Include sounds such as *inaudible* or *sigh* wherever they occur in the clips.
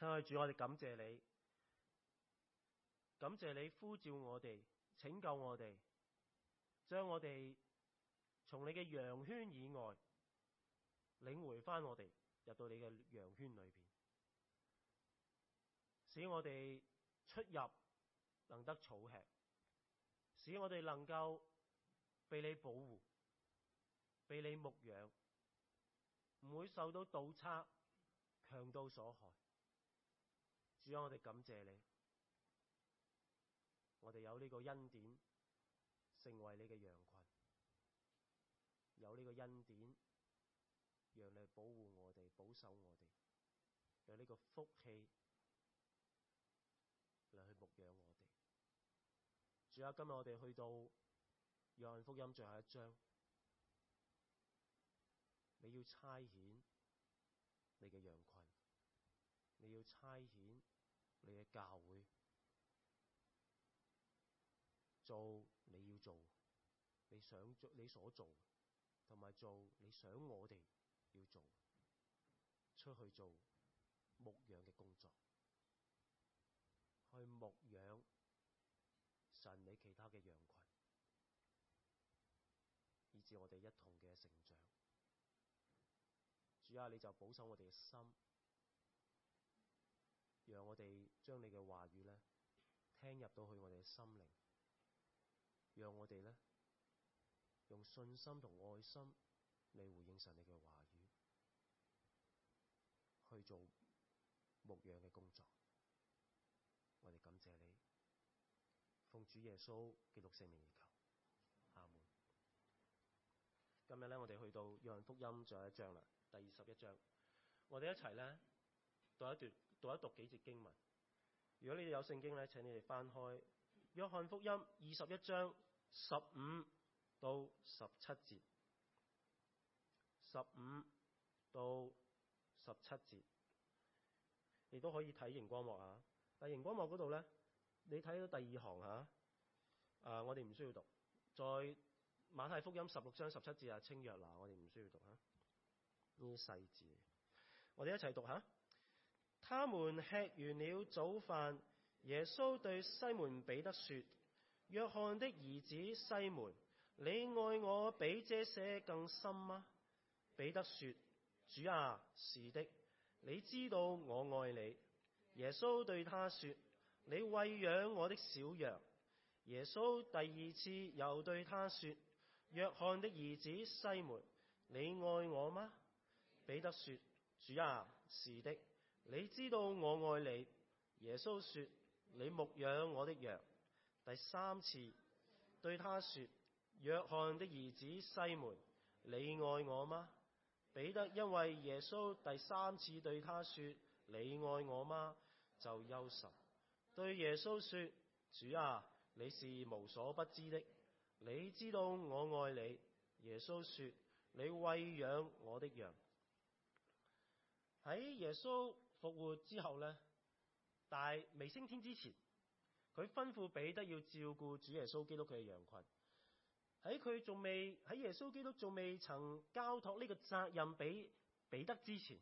親愛的主，我哋感謝你，感謝你呼召我哋，拯救我哋，將我哋從你嘅羊圈以外領回返我哋入到你嘅羊圈裏面，使我哋出入能得草吃，使我哋能夠被你保護，被你牧養，唔會受到盜賊、強盜所害。主啊，我哋感謝你，我哋有呢個恩典成為你嘅羊群，有呢個恩典讓你保護我哋，保守我哋，有呢個福氣來去牧養我哋。主啊，今日我哋去到約翰福音最後一章，你要差遣你嘅羊群，你要差遣。你嘅教會做你要做，你想做你所做，同埋做你想我哋要做，出去做牧羊嘅工作，去牧羊神你其他嘅羊群，以致我哋一同嘅成長。主要你就保守我哋嘅心。讓我哋將你嘅話語咧聽入到去我哋嘅心靈，讓我哋咧用信心同愛心嚟回應神你嘅話語，去做牧養嘅工作。我哋感謝你，奉主耶穌基督聖名而求，阿門。今日咧，我哋去到約翰福音最後一章啦，第二十一章，我哋一齊咧。讀一段，讀一讀幾節經文。如果你哋有聖經咧，請你哋翻開《約翰福音》二十一章十五到十七節，十五到十七節，亦都可以睇熒光幕啊。但熒光幕嗰度咧，你睇到第二行啊。我哋唔需要讀。再《馬太福音》十六章十七節啊，清約嗱，我哋唔需要讀，讀啊。呢啲細節，我哋一齊讀吓。他們吃完了早飯，耶穌對西門彼得說：約翰的兒子西門，你愛我比這些更深嗎？彼得說：主啊，是的。你知道我愛你。耶穌對他說：你餵養我的小羊。耶穌第二次又對他說：約翰的兒子西門，你愛我嗎？彼得說：主啊，是的。你知道我愛你，耶穌說，你牧養我的羊。第三次對他說，約翰的兒子西門，你愛我嗎？彼得因為耶穌第三次對他說你愛我嗎，就憂愁，對耶穌說，主啊，你是無所不知的，你知道我愛你。耶穌說，你餵養我的羊。喺耶穌復活之後呢，但係未升天之前，佢吩咐彼得要照顧主耶穌基督佢嘅羊群。喺佢仲未喺耶穌基督仲未曾交託呢個責任俾彼得之前，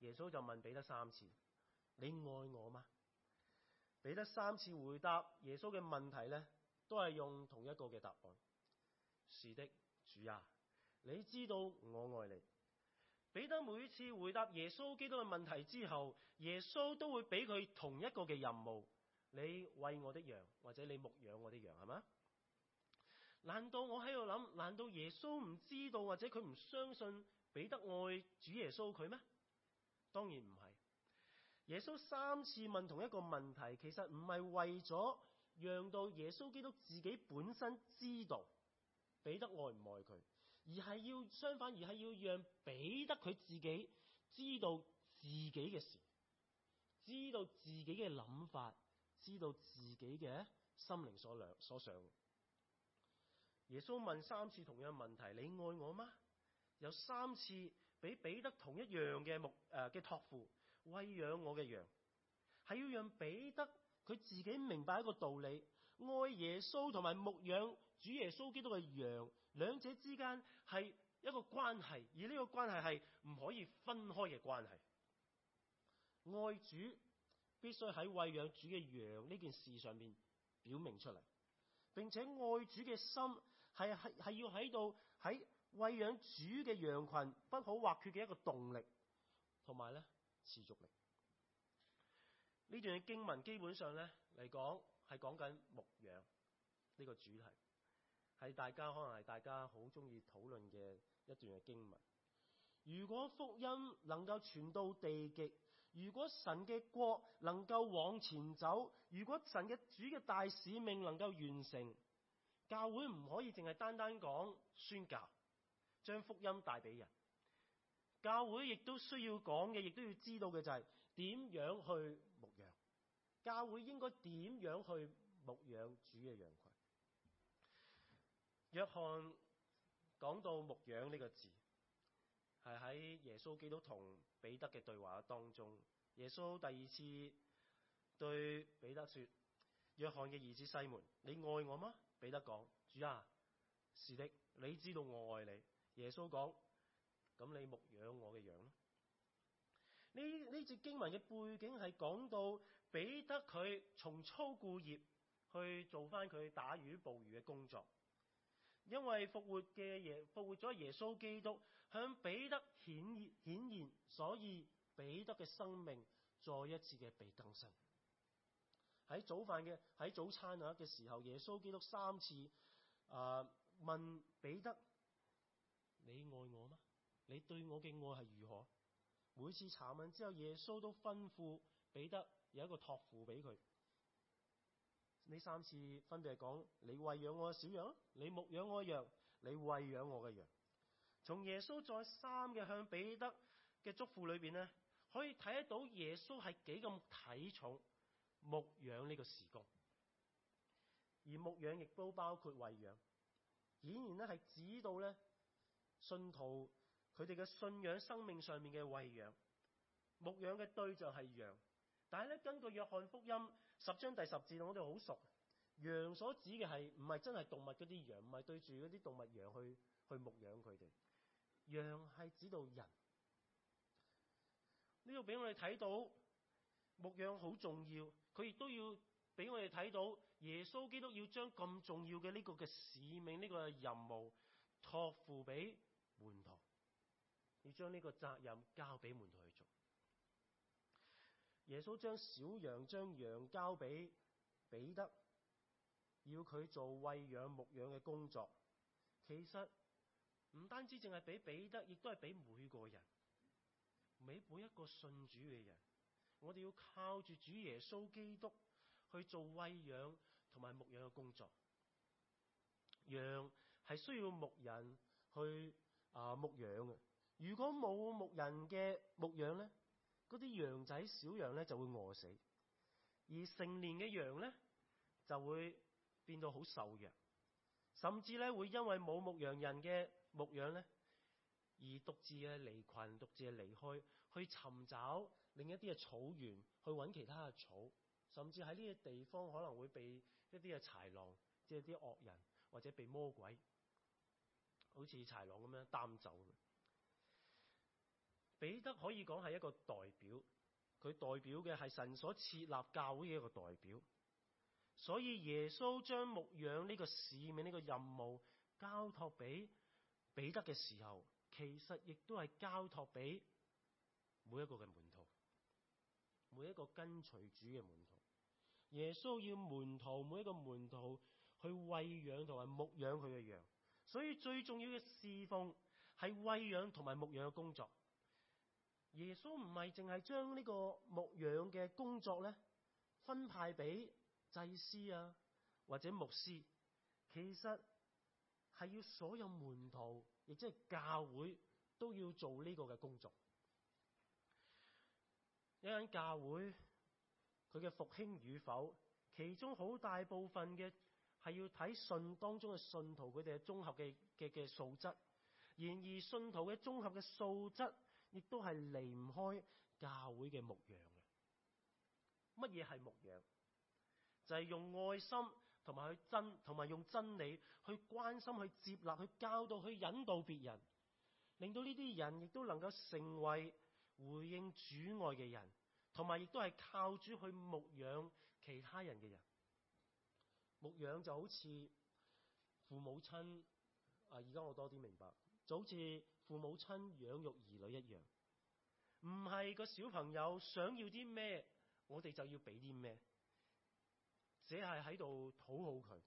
耶穌就問彼得三次：「你愛我嗎？」彼得三次回答耶穌嘅問題呢，都係用同一個嘅答案：「是的，主啊，你知道我愛你。」彼得每次回答耶穌基督嘅問題之後，耶穌都會俾佢同一個嘅任務：你餵我的羊，或者你牧養我啲羊，係嘛？難道我喺度諗，難道耶穌唔知道，或者佢唔相信彼得愛主耶穌佢咩？當然唔係。耶穌三次問同一個問題，其實唔係為咗讓到耶穌基督自己本身知道彼得愛唔愛佢。而係要相反，而係要讓彼得佢自己知道自己嘅事，知道自己嘅諗法，知道自己嘅心靈所想所想。耶穌問三次同樣問題，你愛我嗎？有三次俾彼得同一樣嘅牧誒嘅託付餵養我嘅羊,係要讓彼得佢自己明白一個道理，愛耶穌同埋牧養主耶穌基督嘅羊。兩者之間係一個關係，而呢個關係係唔可以分開嘅關係。愛主必須喺餵養主嘅羊呢件事上面表明出嚟，並且愛主嘅心係係係要喺度喺餵養主嘅羊群，不可或缺嘅一個動力同埋咧持續力。呢段嘅經文基本上咧嚟講係講緊牧羊呢個主題。係大家可能係大家好中意討論嘅一段嘅經文。如果福音能夠傳到地極，如果神嘅國能夠往前走，如果神嘅主嘅大使命能夠完成，教會唔可以淨係單單講宣教，將福音帶俾人。教會亦都需要講嘅，亦都要知道嘅就係、是、點樣去牧羊。教會應該點樣去牧養主嘅羊？約翰講到「牧羊」呢個字，係喺耶穌基督同彼得嘅對話當中。耶穌第二次對彼得說：約翰嘅兒子西門，你愛我嗎？彼得講：主啊，是的，你知道我愛你。耶穌講：咁你牧養我嘅羊啦。呢呢隻經文嘅背景係講到彼得佢從操故業去做返佢打魚捕魚嘅工作。因為復活嘅耶復活咗耶穌基督向彼得顯現，顯現，所以彼得嘅生命再一次嘅被更新。喺早飯嘅喺早餐嘅時候，耶穌基督三次啊、呃、問彼得：你愛我嗎？你對我嘅愛係如何？每次查問之後，耶穌都吩咐彼得有一個託付俾佢。呢三次分別係講：你餵養我小羊，你牧養我羊，你餵養我嘅羊。從耶穌再三嘅向彼得嘅囑咐裏邊咧，可以睇得到耶穌係幾咁睇重牧養呢個事工。而牧養亦都包括餵養，顯然咧係指到咧信徒佢哋嘅信仰生命上面嘅餵養，牧養嘅對象係羊，但係咧根據約翰福音。十章第十節，我哋好熟。羊所指嘅係唔係真係動物啲羊，唔係對住啲動物羊去去牧養佢哋。羊係指到人。呢度俾我哋睇到牧養好重要，佢亦都要俾我哋睇到耶穌基督要將咁重要嘅呢個嘅使命呢個任務託付俾門徒，要將呢個責任交俾門徒耶穌將小羊，將羊交俾彼得，要佢做餵養牧養嘅工作。其實唔單止淨係俾彼得，亦都係俾每個人，俾每一個信主嘅人。我哋要靠住主耶穌基督去做餵養同埋牧養嘅工作。羊係需要牧人去啊、呃、牧養嘅。如果冇牧人嘅牧養咧？嗰啲羊仔、小羊咧就會餓死，而成年嘅羊咧就會變到好瘦弱，甚至咧會因為冇牧羊人嘅牧羊咧，而獨自嘅離群，獨自嘅離開，去尋找另一啲嘅草原去搵其他嘅草，甚至喺呢啲地方可能會被一啲嘅豺狼，即係啲惡人或者被魔鬼，好似豺狼咁樣擔走。彼得可以講係一個代表，佢代表嘅係神所設立教會嘅一個代表。所以耶穌將牧養呢個使命呢個任務交託俾彼得嘅時候，其實亦都係交託俾每一個嘅門徒，每一個跟隨主嘅門徒。耶穌要門徒每一個門徒去喂養同埋牧養佢嘅羊，所以最重要嘅侍奉係喂養同埋牧養嘅工作。耶穌唔係淨係將呢個牧養嘅工作咧分派俾祭司啊，或者牧師，其實係要所有門徒，亦即係教會都要做呢個嘅工作。一間教會，佢嘅復興與否，其中好大部分嘅係要睇信當中嘅信徒佢哋嘅綜合嘅嘅嘅素質。然而信徒嘅綜合嘅素質，亦都係離唔開教會嘅牧養嘅。乜嘢係牧養？就係、是、用愛心同埋去真，同埋用真理去關心、去接納、去教導、去引導別人，令到呢啲人亦都能夠成為回應主愛嘅人，同埋亦都係靠主去牧養其他人嘅人。牧養就好似父母親。啊，而家我多啲明白，就好似。父母親養育兒女一樣，唔係個小朋友想要啲咩，我哋就要俾啲咩，只係喺度討好佢，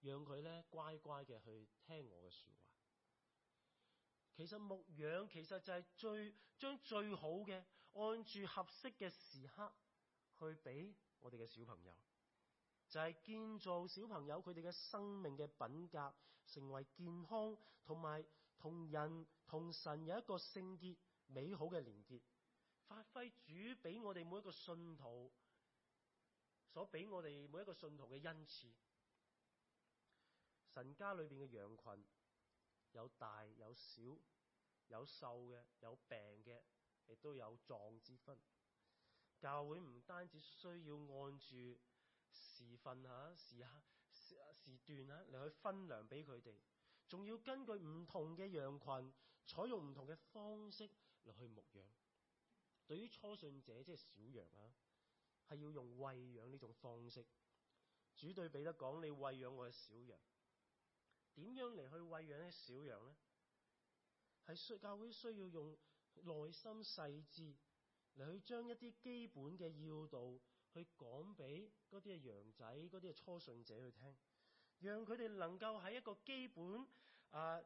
讓佢咧乖乖嘅去聽我嘅説話。其實牧養其實就係最將最好嘅，按住合適嘅時刻去俾我哋嘅小朋友，就係、是、建造小朋友佢哋嘅生命嘅品格，成為健康同埋。同人同神有一個聖潔美好嘅連結，發揮主俾我哋每一個信徒所俾我哋每一個信徒嘅恩賜。神家裏面嘅羊群有大有小，有瘦嘅有病嘅，亦都有壯之分。教會唔單只需要按住時分、啊、吓、時刻、啊、時段吓嚟去分糧俾佢哋。仲要根據唔同嘅羊群，採用唔同嘅方式嚟去牧羊。對於初信者，即係小羊啊，係要用餵養呢種方式。主對彼得講：你餵養我嘅小羊，點樣嚟去餵養啲小羊咧？係教會需要用耐心細緻嚟去將一啲基本嘅要道去講俾嗰啲嘅羊仔、嗰啲嘅初信者去聽。讓佢哋能夠喺一個基本、呃、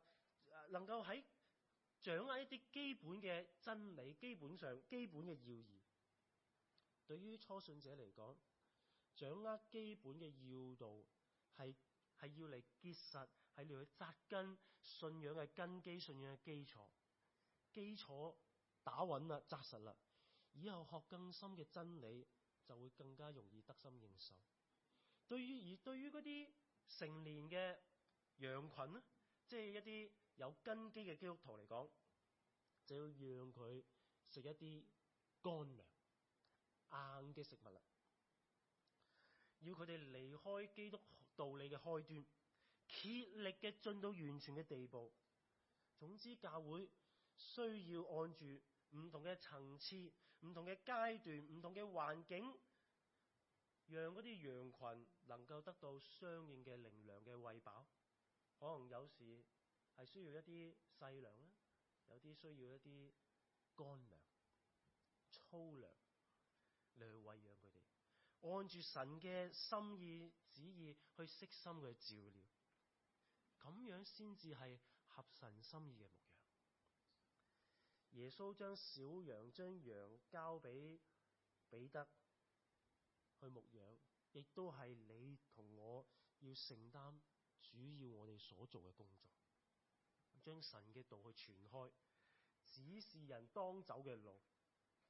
能夠喺掌握一啲基本嘅真理，基本上基本嘅要義，對於初信者嚟講，掌握基本嘅要道係係要嚟結實，係嚟去紮根信仰嘅根基，信仰嘅基礎，基礎打穩啦，紮實啦，以後學更深嘅真理就會更加容易得心應手。對於而對於嗰啲成年嘅羊群咧，即係一啲有根基嘅基督徒嚟講，就要讓佢食一啲乾糧硬嘅食物啦。要佢哋離開基督道理嘅開端，竭力嘅進到完全嘅地步。總之，教會需要按住唔同嘅層次、唔同嘅階段、唔同嘅環境。讓嗰啲羊群能夠得到相應嘅靈糧嘅餵飽，可能有時係需要一啲細糧，有啲需要一啲乾糧、粗糧嚟去餵養佢哋，按住神嘅心意旨意去悉心嘅照料，咁樣先至係合神心意嘅牧養。耶穌將小羊將羊交俾彼得。去牧養，亦都係你同我要承擔主要我哋所做嘅工作，將神嘅道去傳開，指示人當走嘅路，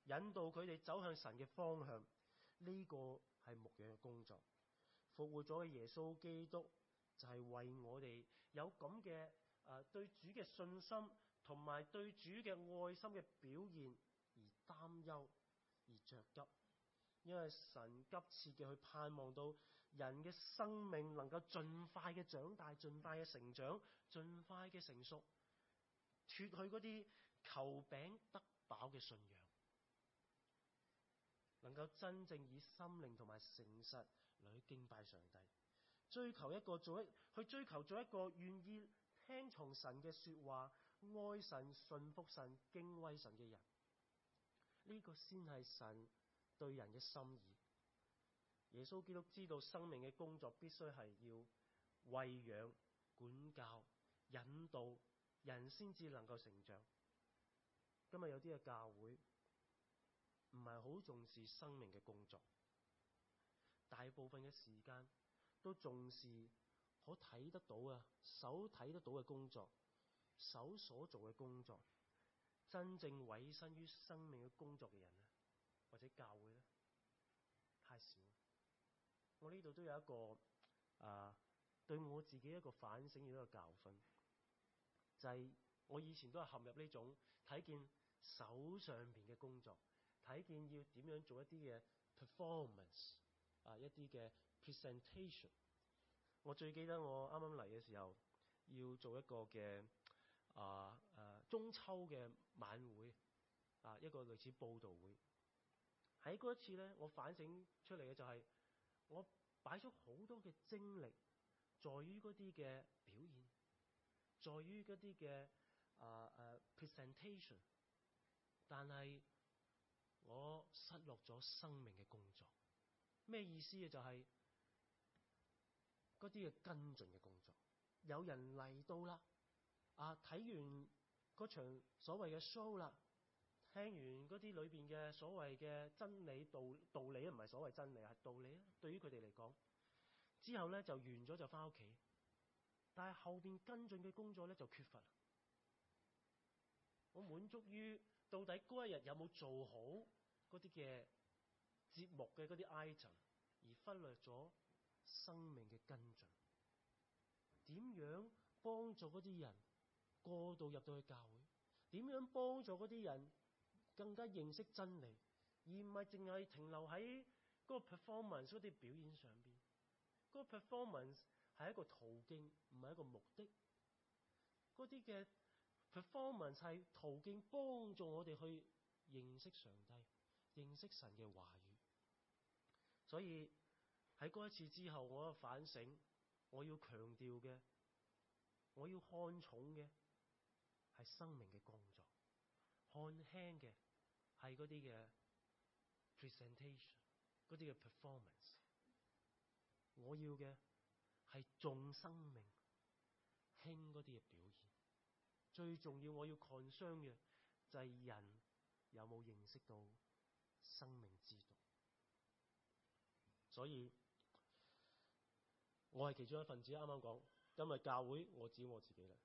引導佢哋走向神嘅方向。呢、這個係牧養嘅工作。復活咗嘅耶穌基督就係、是、為我哋有咁嘅誒對主嘅信心同埋對主嘅愛心嘅表現而擔憂而着急。因為神急切嘅去盼望到人嘅生命能夠盡快嘅長大，盡快嘅成長，盡快嘅成熟，脫去嗰啲求餅得飽嘅信仰，能夠真正以心靈同埋誠實嚟去敬拜上帝，追求一個做一去追求做一個願意聽從神嘅說話，愛神、信服神、敬畏神嘅人，呢個先係神，對人嘅心意，耶穌基督知道生命嘅工作必須係要餵養、管教、引導人先至能夠成長。今日有啲嘅教會唔係好重視生命嘅工作，大部分嘅時間都重視可睇得到啊、手睇得到嘅工作、手所做嘅工作。真正委身於生命嘅工作嘅人。或者教會呢太少。我呢度都有一個啊，對我自己一個反省嘅一個教訓，就係、是、我以前都係陷入呢種睇見手上邊嘅工作，睇見要點樣做一啲嘅 performance 啊，一啲嘅 presentation。我最記得我啱啱嚟嘅時候要做一個嘅啊誒、啊、中秋嘅晚會啊，一個類似報道會。喺嗰一次呢，我反省出嚟嘅就係、是、我擺咗好多嘅精力，在於嗰啲嘅表現，在於嗰啲嘅啊啊 presentation，但係我失落咗生命嘅工作。咩意思呢？就係嗰啲嘅跟進嘅工作，有人嚟到啦，啊睇完嗰場所謂嘅 show 啦。聽完嗰啲裏面嘅所謂嘅真理道，道理，唔係所謂真理係道理啊！對於佢哋嚟講，之後呢就完咗就返屋企，但係後面跟進嘅工作呢就缺乏了。我滿足於到底嗰一日有冇做好嗰啲嘅節目嘅嗰啲 item，而忽略咗生命嘅跟進。點樣幫助嗰啲人過度入到去教會？點樣幫助嗰啲人？更加認識真理，而唔係淨係停留喺嗰 performance 啲表演上邊，嗰個 performance 係一個途徑，唔係一個目的。啲嘅 performance 係途徑，幫助我哋去認識上帝，認識神嘅話語。所以喺嗰一次之後我反省，我要強調嘅，我要看重嘅係生命嘅工作。看輕嘅係嗰啲嘅 presentation，啲嘅 performance。我要嘅係重生命，輕嗰啲嘅表現。最重要，我要看傷嘅就係、是、人有冇認識到生命之重。所以，我係其中一份子。啱啱講，今日教會我只有我自己啦。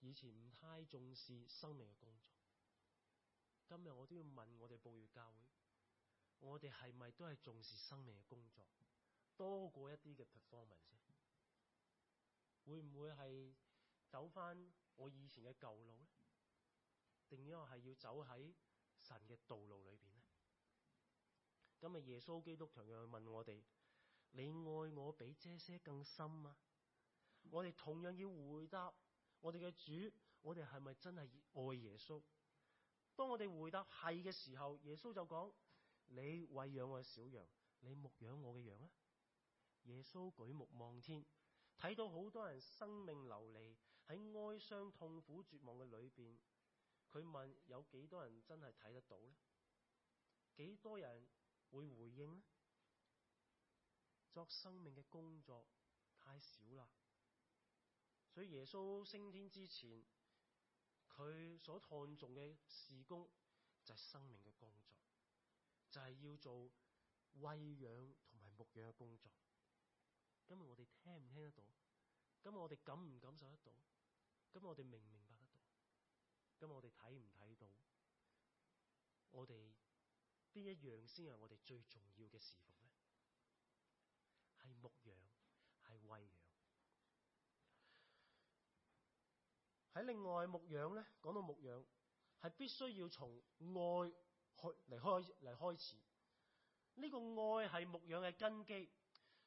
以前唔太重視生命嘅工作。今日我都要問我哋報業教會，我哋係咪都係重視生命嘅工作多過一啲嘅 performance？會唔會係走返我以前嘅舊路咧？定然我係要走喺神嘅道路裏邊咧？今日耶穌基督同樣去問我哋：你愛我比這些更深嗎，啊？我哋同樣要回答我哋嘅主，我哋係咪真係愛耶穌？當我哋回答係嘅時候，耶穌就講：你喂養我嘅小羊，你牧養我嘅羊咧。耶穌舉目望天，睇到好多人生命流離喺哀傷、痛苦、絕望嘅裏邊，佢問：有幾多人真係睇得到呢？幾多人會回應呢？作生命嘅工作太少啦。所以耶穌升天之前。佢所看重嘅事工就係、是、生命嘅工作，就係、是、要做餵養同埋牧養嘅工作。今日我哋聽唔聽得到？今日我哋感唔感受得到？今日我哋明不明白得到？今日我哋睇唔睇到？我哋邊一樣先係我哋最重要嘅事奉咧？係牧養，係餵養。喺另外牧養咧，講到牧養係必須要從愛去嚟開嚟開始。呢個愛係牧養嘅根基。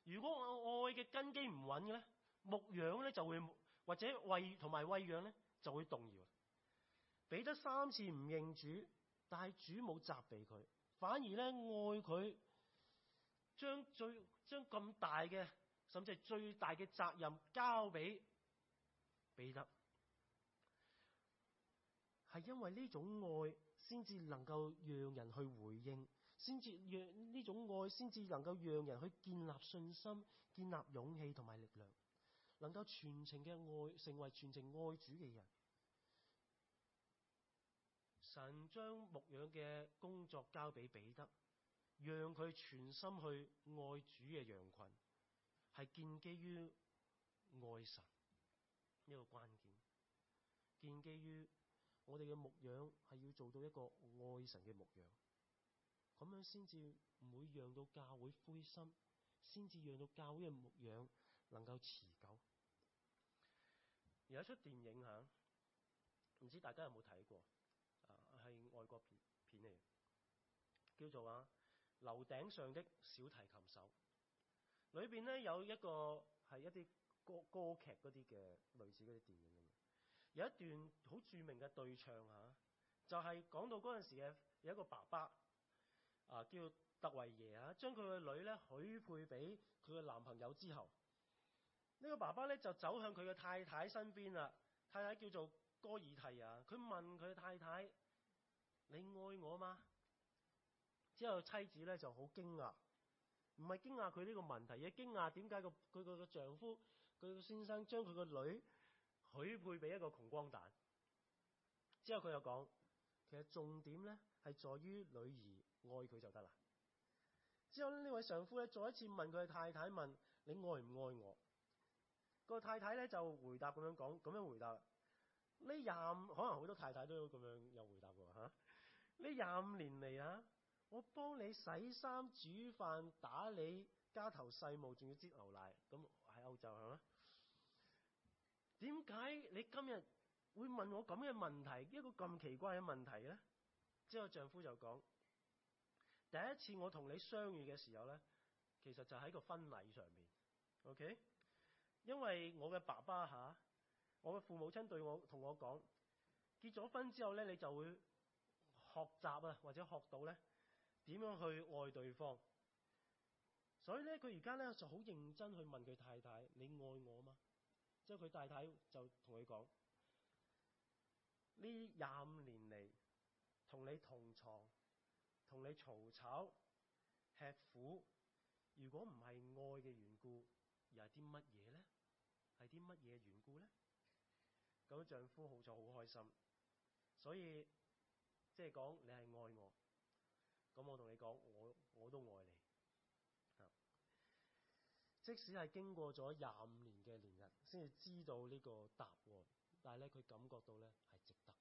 如果愛嘅根基唔穩嘅咧，牧養咧就會或者喂同埋喂養咧就會動搖。彼得三次唔認主，但係主冇責備佢，反而咧愛佢，將最將咁大嘅甚至係最大嘅責任交俾彼得。係因為呢種愛，先至能夠讓人去回應，先至讓呢種愛，先至能夠讓人去建立信心、建立勇氣同埋力量，能夠全程嘅愛成為全程愛主嘅人。神將牧養嘅工作交俾彼得，讓佢全心去愛主嘅羊群，係建基於愛神呢個關鍵，建基於。我哋嘅牧養係要做到一個愛神嘅牧養，咁樣先至唔會讓到教會灰心，先至讓到教會嘅牧養能夠持久。 *music* 有一出電影吓，唔、啊、知大家有冇睇過？係、啊、外國片片嚟，叫做啊《啊樓頂上的小提琴手》，裏邊咧有一個係一啲歌歌劇嗰啲嘅類似嗰啲電影。有一段好著名嘅對唱嚇，就係講到嗰陣時嘅有一個爸爸啊，叫特維耶啊，將佢嘅女咧許配俾佢嘅男朋友之後，呢個爸爸咧就走向佢嘅太太身邊啦。太太叫做哥爾蒂啊，佢問佢太太：你愛我嗎？之後妻子咧就好驚訝，唔係驚訝佢呢個問題，而係驚訝點解個佢個個丈夫、佢個先生將佢個女，許配俾一個窮光蛋，之後佢又講，其實重點咧係在於女兒愛佢就得啦。之後呢位丈夫咧再一次問佢太太，問你愛唔愛我？那個太太咧就回答咁樣講，咁樣回答呢廿五，25, 可能好多太太都有咁樣有回答噶吓。呢廿五年嚟啊，我幫你洗衫、煮飯、打理家頭細務，仲要擠牛奶，咁喺歐洲係嘛？點解你今日會問我咁嘅問題，一個咁奇怪嘅問題呢？之後丈夫就講：第一次我同你相遇嘅時候呢，其實就喺個婚禮上面，OK？因為我嘅爸爸吓，我嘅父母親對我同我講，結咗婚之後呢，你就會學習啊，或者學到呢點樣去愛對方。所以呢，佢而家呢就好認真去問佢太太：你愛我嗎？即係佢太太就同佢講：呢廿五年嚟同你同床，同你嘈吵，吵、吃苦，如果唔係愛嘅緣故，而係啲乜嘢咧？係啲乜嘢緣故咧？咁丈夫好在好開心，所以即係講你係愛我，咁我同你講，我我都愛你。即使係經過咗廿五年嘅年日，先至知道呢個答案，但係咧佢感覺到咧，係值得。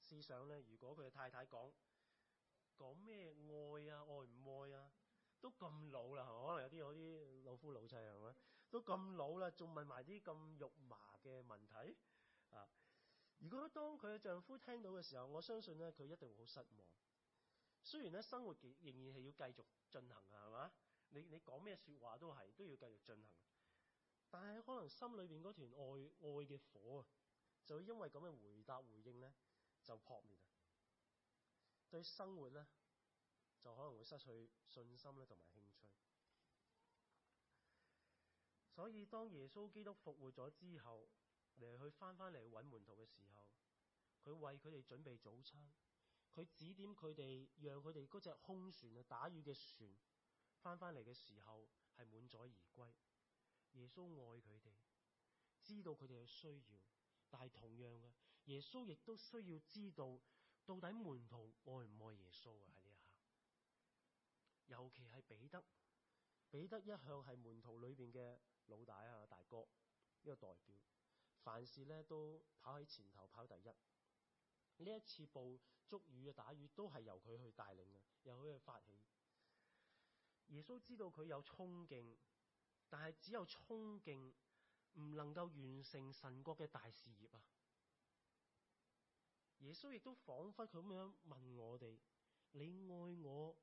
思想咧，如果佢嘅太太講講咩愛啊，愛唔愛啊，都咁老啦，可能有啲有啲老夫老妻係咪，都咁老啦，仲問埋啲咁肉麻嘅問題啊？如果當佢嘅丈夫聽到嘅時候，我相信咧佢一定會好失望。雖然咧生活仍然係要繼續進行啊，係嘛？你你講咩說話都係都要繼續進行，但係可能心裏邊嗰團愛愛嘅火啊，就會因為咁嘅回答回應咧，就撲滅啊！對生活咧，就可能會失去信心咧，同埋興趣。所以當耶穌基督復活咗之後，嚟去返返嚟搵門徒嘅時候，佢為佢哋準備早餐，佢指點佢哋，讓佢哋嗰隻空船啊，打魚嘅船。翻返嚟嘅時候係滿載而歸，耶穌愛佢哋，知道佢哋嘅需要，但係同樣嘅，耶穌亦都需要知道到底門徒愛唔愛耶穌啊？喺呢一刻，尤其係彼得，彼得一向係門徒裏邊嘅老大啊、大哥，一個代表，凡事咧都跑喺前頭跑第一，呢一次捕捉魚嘅打魚都係由佢去帶領嘅，由佢去發起。耶穌知道佢有衝勁，但係只有衝勁唔能夠完成神國嘅大事業。耶穌亦都仿佛佢咁樣問我哋，你愛我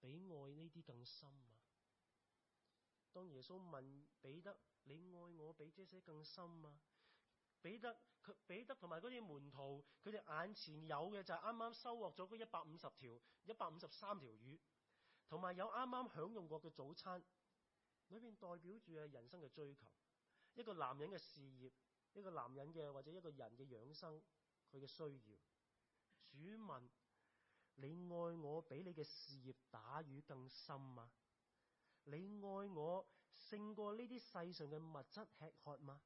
比愛呢啲更深啊？當耶穌問彼得，你愛我比這些更深啊？彼得佢彼得同埋嗰啲門徒，佢哋眼前有嘅就係啱啱收穫咗嗰一百五十條，一百五十三條魚。同埋有啱啱享用過嘅早餐，裏面，代表住係人生嘅追求，一個男人嘅事業，一個男人嘅或者一個人嘅養生佢嘅需要。主問：你愛我比你嘅事業打魚更深嗎？你愛我勝過呢啲世上嘅物質吃喝嗎？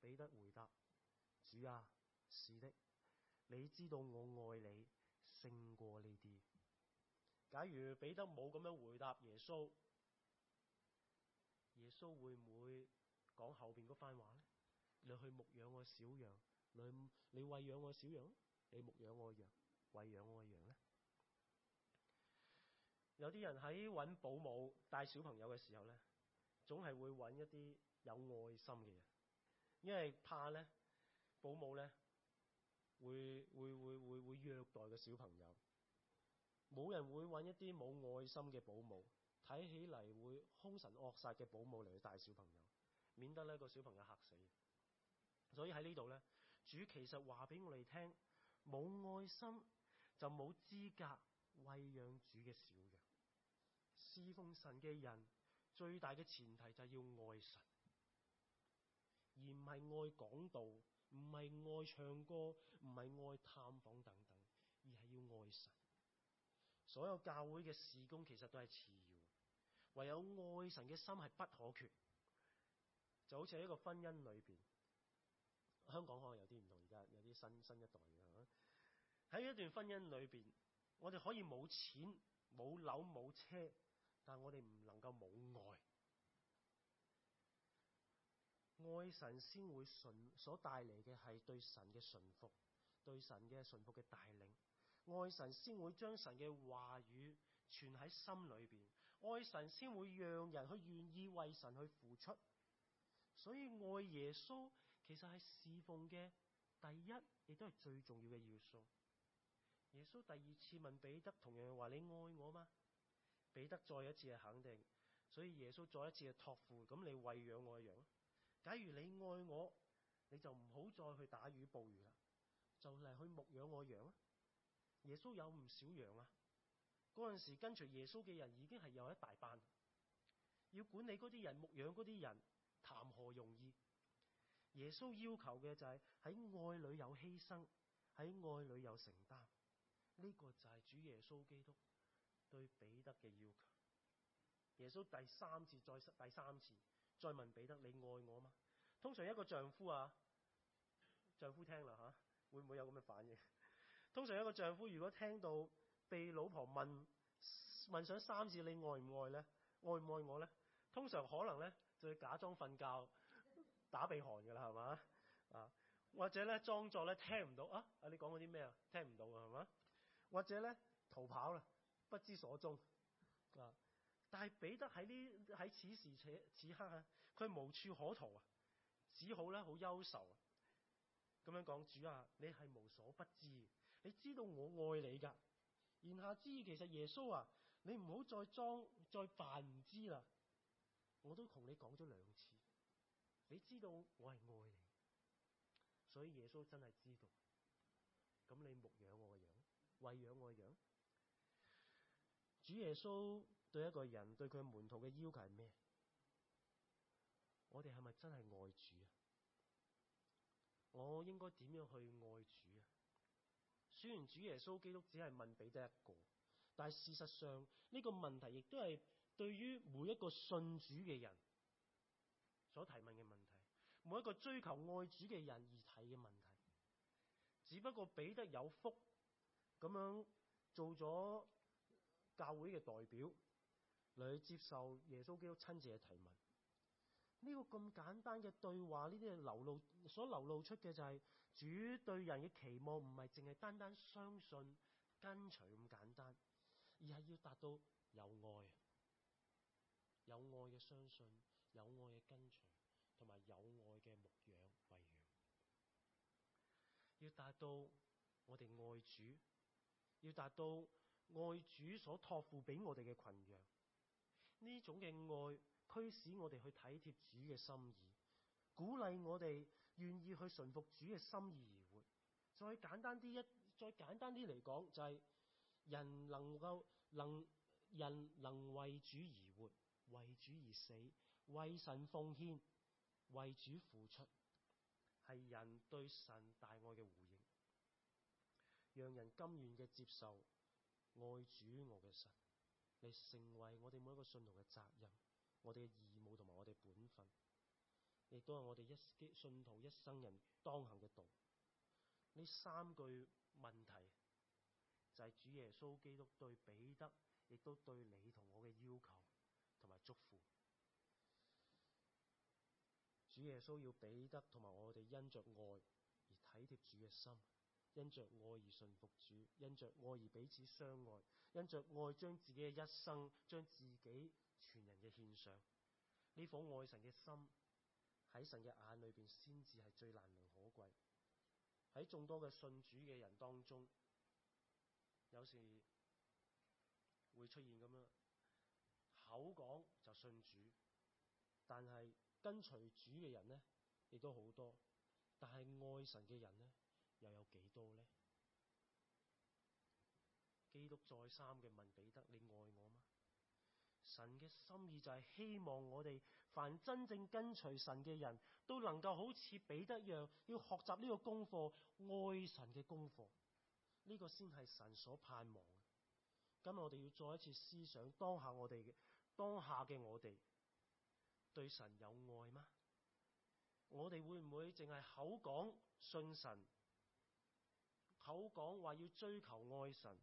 彼得回答：主啊，是的，你知道我愛你勝過呢啲。假如彼得冇咁樣回答耶穌，耶穌會唔會講後邊嗰番話咧？你去牧養我小羊，你你餵養我小羊，你牧養我羊，餵養我羊咧？有啲人喺揾保姆帶小朋友嘅時候咧，總係會揾一啲有愛心嘅人，因為怕咧，保姆咧會會會會會虐待個小朋友。冇人會揾一啲冇愛心嘅保姆，睇起嚟會凶神惡煞嘅保姆嚟去帶小朋友，免得呢個小朋友吓死。所以喺呢度咧，主其實話俾我哋聽，冇愛心就冇資格餵養主嘅小羊。侍奉神嘅人最大嘅前提就係要愛神，而唔係愛講道，唔係愛唱歌，唔係愛探訪等等，而係要愛神。所有教會嘅事工其實都係次要，唯有愛神嘅心係不可缺。就好似喺一個婚姻裏邊，香港可能有啲唔同，而家有啲新新一代嘅，喺一段婚姻裏邊，我哋可以冇錢、冇樓、冇車，但我哋唔能夠冇愛。愛神先會順所帶嚟嘅係對神嘅信服，對神嘅信服嘅帶領。愛神先會將神嘅話語存喺心裏邊，愛神先會讓人去願意為神去付出，所以愛耶穌其實係侍奉嘅第一，亦都係最重要嘅要素。耶穌第二次問彼得，同樣話你愛我嗎？彼得再一次係肯定，所以耶穌再一次係託付，咁你喂養我嘅羊。假如你愛我，你就唔好再去打魚捕魚啦，就嚟去牧養我羊啦。耶穌有唔少羊啊，嗰陣時跟隨耶穌嘅人已經係有一大班，要管理嗰啲人，牧養嗰啲人，談何容易？耶穌要求嘅就係喺愛裏有犧牲，喺愛裏有承擔，呢、這個就係主耶穌基督對彼得嘅要求。耶穌第三次再第三次再問彼得：你愛我嗎？通常一個丈夫啊，丈夫聽啦吓、啊，會唔會有咁嘅反應？通常一個丈夫如果聽到被老婆問問上三次「你愛唔愛呢？愛唔愛我呢？」通常可能呢就會假裝瞓覺打鼻鼾噶啦，係嘛？或者呢裝作呢聽唔到啊？你講過啲咩啊？聽唔到啊，係嘛？或者呢逃跑啦，不知所蹤啊？但係彼得喺呢喺此時此刻啊，佢無處可逃啊，只好呢好憂愁啊。咁樣講：主啊，你係無所不知。你知道我愛你噶，言下之意其實耶穌啊，你唔好再裝再扮唔知啦，我都同你講咗兩次，你知道我係愛你，所以耶穌真係知道，咁你牧養我嘅羊，餵養我嘅羊，主耶穌對一個人對佢門徒嘅要求係咩？我哋係咪真係愛主啊？我應該點樣去愛主啊？主耶穌基督只係問彼得一個，但係事實上呢個問題亦都係對於每一個信主嘅人所提問嘅問題，每一個追求愛主嘅人而提嘅問題。只不過彼得有福咁樣做咗教會嘅代表嚟去接受耶穌基督親自嘅提問。呢個咁簡單嘅對話，呢啲嘢，流露所流露出嘅就係。主對人嘅期望唔係淨係單單相信跟隨咁簡單，而係要達到有愛、有愛嘅相信、有愛嘅跟隨同埋有愛嘅牧養餵養。為要達到我哋愛主，要達到愛主所託付俾我哋嘅群羊，呢種嘅愛驅使我哋去體貼主嘅心意，鼓勵我哋，願意去順服主嘅心意而活，再簡單啲一,一，再簡單啲嚟講就係、是、人能夠能人能為主而活，為主而死，為神奉獻，為主付出，係人對神大愛嘅回應，讓人甘願嘅接受愛主我嘅神，嚟成為我哋每一個信徒嘅責任，我哋嘅義務同埋我哋本分。亦都係我哋一信徒一生人當行嘅道。呢三句問題就係主耶穌基督對彼得，亦都對你同我嘅要求同埋祝福。主耶穌要彼得同埋我哋因着愛而體貼主嘅心，因着愛而信服主，因着愛而彼此相愛，因着愛將自己嘅一生將自己全人嘅獻上。呢顆愛神嘅心，喺神嘅眼裏面先至係最難能可貴。喺眾多嘅信主嘅人當中，有時會出現咁樣，口講就信主，但係跟隨主嘅人呢，亦都好多，但係愛神嘅人呢，又有幾多呢？基督再三嘅問彼得，你愛我嗎？神嘅心意就係希望我哋。凡真正跟隨神嘅人都能夠好似彼得一樣，要學習呢個功課，愛神嘅功課，呢個先係神所盼望。今日我哋要再一次思想當下我哋嘅當下嘅我哋對神有愛嗎？我哋會唔會淨係口講信神，口講話要追求愛神，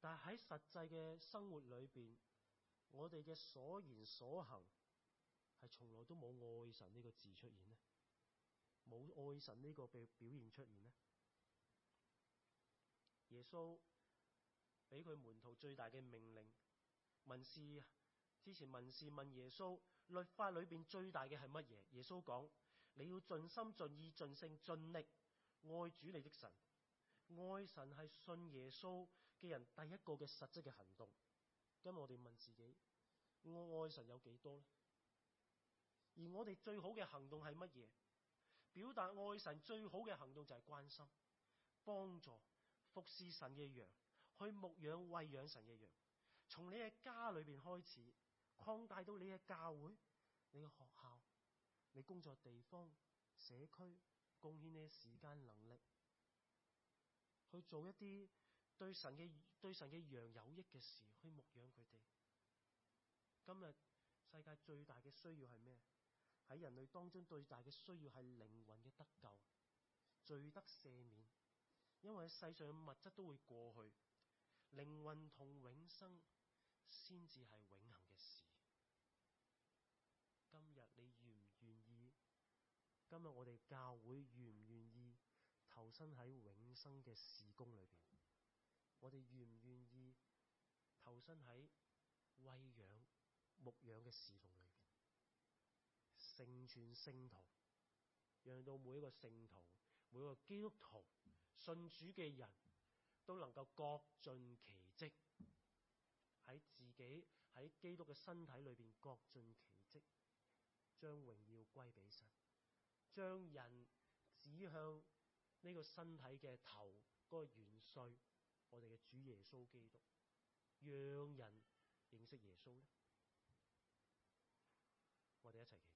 但係喺實際嘅生活裏邊，我哋嘅所言所行，從來都冇愛神呢個字出現呢，冇愛神呢個表現出現呢。耶穌俾佢門徒最大嘅命令，文士之前，文士問耶穌律法裏邊最大嘅係乜嘢？耶穌講，你要盡心盡意盡性盡力愛主你的神，愛神係信耶穌嘅人第一個嘅實質嘅行動。今日我哋問自己，我愛神有幾多呢？」而我哋最好嘅行動係乜嘢？表達愛神最好嘅行動就係關心、幫助、服侍神嘅羊，去牧養、喂養神嘅羊。從你嘅家裏面開始，擴大到你嘅教會、你嘅學校、你工作地方、社區，貢獻你嘅時間、能力，去做一啲對神嘅對神嘅羊有益嘅事，去牧養佢哋。今日世界最大嘅需要係咩？喺人類當中最大嘅需要係靈魂嘅得救、罪得赦免，因為世上嘅物質都會過去，靈魂同永生先至係永恆嘅事。今日你願唔願意？今日我哋教會願唔願意投身喺永生嘅事工裏邊？我哋願唔願意投身喺餵養、牧養嘅事工裏面？成全聖徒，讓到每一個聖徒、每一個基督徒、信主嘅人，都能夠各盡其職，喺自己喺基督嘅身體裏邊各盡其職，將榮耀歸俾神，將人指向呢個身體嘅頭嗰個元帥，我哋嘅主耶穌基督，讓人認識耶穌咧。我哋一齊祈。